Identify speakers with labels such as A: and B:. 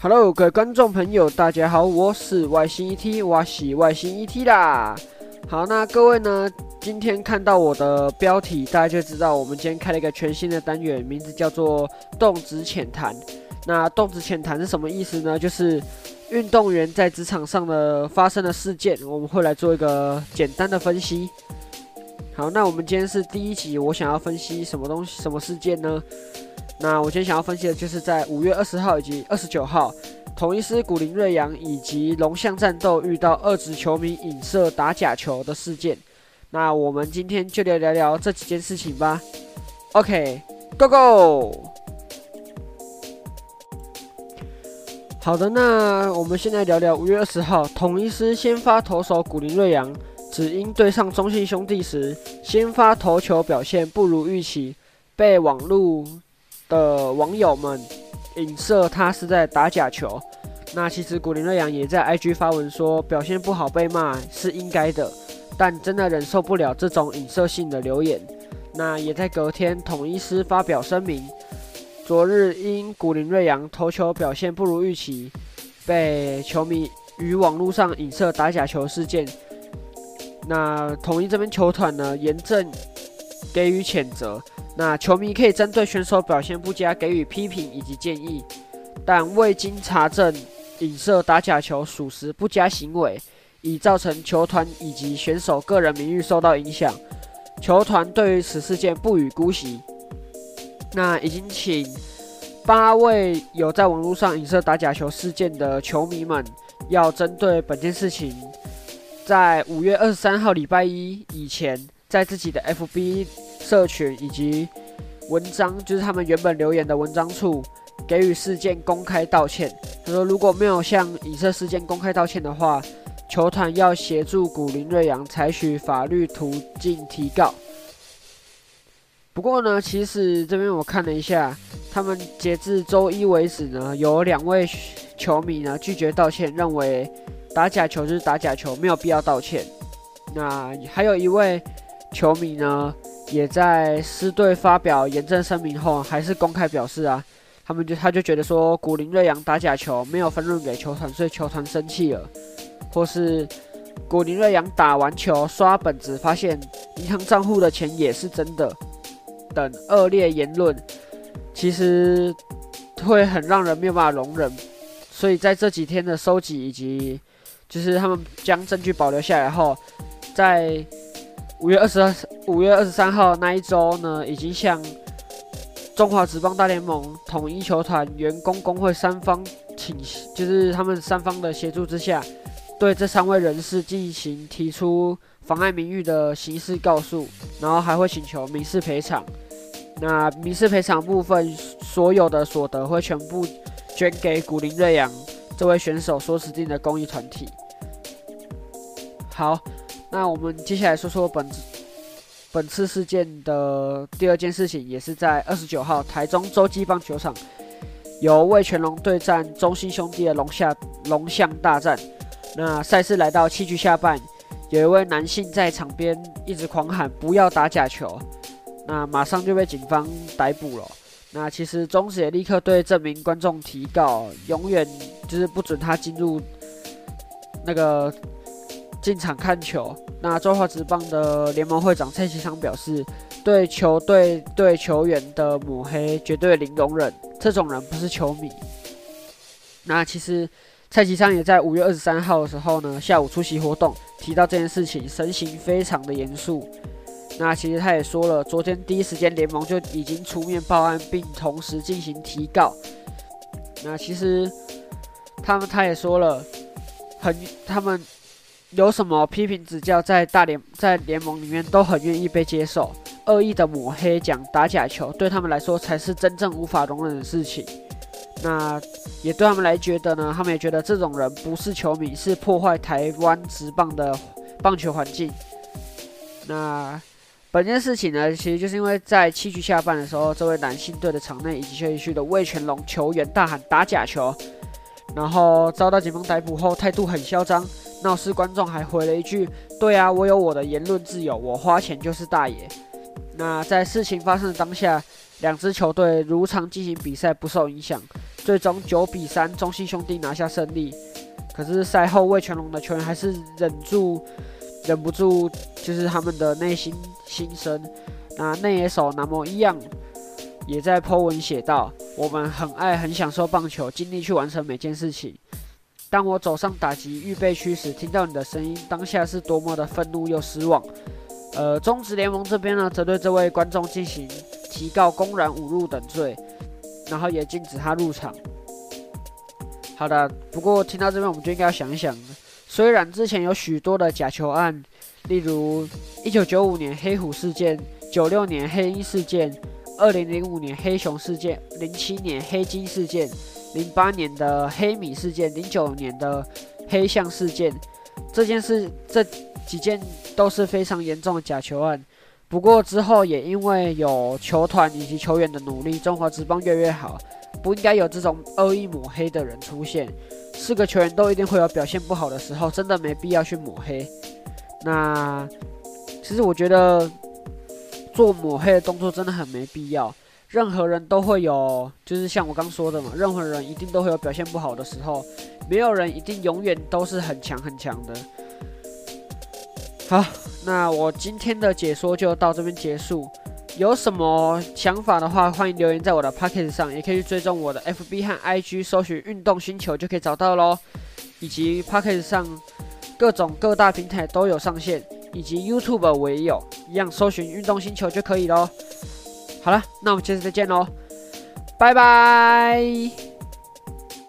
A: Hello，各位觀眾朋友，大家好，我是外星 ET，我係外星 ET 啦。好，那各位呢，今天看到我的標題，大家就知道我們今天開了一個全新的單元，名字叫做“動職淺談”。那“動職淺談”是什麼意思呢？就是運動員在職場上的發生的事件，我們會來做一個簡單的分析。好，那我們今天是第一集，我想要分析什麼東西、什麼事件呢？那我今天想要分析的就是在五月二十號以及二十九號，統一獅古林睿揚以及龍象戰鬥遇到二職球迷影射打假球的事件。那我們今天就來聊聊這幾件事情吧。OK，Go、okay, Go, go! 好的，那我們現在聊聊五月二十號，統一獅先發投手古林睿揚。只因對上中信兄弟時，先發投球表現不如預期，被網路的網友們影射他是在打假球。那其實古林睿煬也在 IG 發文說，表現不好被罵是應該的，但真的忍受不了這種影射性的留言。那也在隔天統一獅發表聲明，昨日因古林睿煬投球表現不如預期，被球迷於網路上影射打假球事件。那統一這邊球團呢，嚴正給予譴責。那球迷可以針對選手表現不佳給予批評以及建議，但未經查證，影射打假球屬實不佳行為，已造成球團以及選手個人名譽受到影響。球團對於此事件不予姑息。那已經請八位有在網絡上影射打假球事件的球迷們，要針對本件事情。在五月二十三號禮拜一以前，在自己的 FB 社群以及文章，就是他們原本留言的文章處，給予事件公開道歉。他說，如果沒有向影射事件公開道歉的話，球團要協助古林瑞陽採取法律途徑提告。不過呢，其實這邊我看了一下，他們截至週一為止呢，有兩位球迷呢拒絕道歉，認為。打假球就是打假球，沒有必要道歉。那還有一位球迷呢，也在獅隊發表嚴正聲明後，還是公開表示啊，他們就他就覺得說，古林睿煬打假球沒有分潤給球團，所以球團生氣了，或是古林睿煬打完球刷本子，發現銀行賬戶的錢也是真的等惡劣言論，其實會很讓人沒有辦法容忍。所以在這幾天的收集以及。就是他們將證據保留下來後，在五月二十二、五月二十三號那一周呢，已經向中華職棒大聯盟、統一球團員工工會三方請，就是他們三方的協助之下，對這三位人士進行提出妨礙名譽的刑事告訴，然後還會請求民事賠償。那民事賠償部分，所有的所得會全部捐給古林睿煬。這位選手所指定的公益團體。好，那我們接下來說說本次本次事件的第二件事情，也是在二十九號台中洲際棒球場，由味全龍對戰中信兄弟的龍下龍象大戰。那賽事來到七局下半，有一位男性在場邊一直狂喊“不要打假球”，那馬上就被警方逮捕了。那其實中職也立刻對這名觀眾提告，永遠。就是不准他進入那個進場看球。那中華職棒的聯盟會長蔡其昌表示，對球隊對球員的抹黑絕對零容忍，這種人不是球迷。那其實蔡其昌也在五月二十三號的時候呢，下午出席活動，提到這件事情，神情非常的嚴肅。那其實他也說了，昨天第一時間聯盟就已經出面報案，並同時進行提告。那其實。他們他也說了，很他們有什麼批評指教在，在大聯在聯盟裡面都很願意被接受。惡意的抹黑，講打假球，對他們來說才是真正無法容忍的事情。那也對他們來覺得呢，他們也覺得這種人不是球迷，是破壞台灣職棒的棒球環境。那本件事情呢，其實就是因為在七局下半的時候，這位男性隊的場內以及休息區的味全龍球員大喊打假球。然後遭到警方逮捕後，態度很囂張。鬧事觀眾還回了一句：“對啊，我有我的言論自由，我花錢就是大爺。”那在事情發生的當下，兩支球隊如常進行比賽，不受影響。最終九比三，中信兄弟拿下勝利。可是賽後，味全龍的球員還是忍住，忍不住就是他們的內心心聲。那內野手南摩一樣也在 PO 文寫道。我們很愛很享受棒球，盡力去完成每件事情。當我走上打擊預備區時，聽到你的聲音，當下是多麼的憤怒又失望。呃，中職聯盟這邊呢，則對這位觀眾進行提告，公然侮辱等罪，然後也禁止他入場。好的，不過聽到這邊，我們就應該要想一想，雖然之前有許多的假球案，例如1995年黑虎事件、96年黑鷹事件。二零零五年黑熊事件，零七年黑金事件，零八年的黑米事件，零九年的黑象事件，這件事這幾件都是非常嚴重的假球案。不過之後也因為有球團以及球員的努力，中華職棒越來越好，不應該有這種惡意抹黑的人出現。四個球員都一定會有表現不好的時候，真的沒必要去抹黑。那其實我覺得。做抹黑的動作真的很沒必要。任何人都會有，就是像我剛說的嘛，任何人一定都會有表現不好的時候，沒有人一定永遠都是很強很強的。好，那我今天的解說就到這邊結束。有什麼想法的話，歡迎留言在我的 Podcast 上，也可以追蹤我的 FB 和 IG，搜尋“運動星球”就可以找到嘍。以及 Podcast 上各種各大平台都有上線。以及 YouTube 我也有一樣，搜尋“運動星球”就可以嘍。好啦，那我們下次再見嘍，拜拜。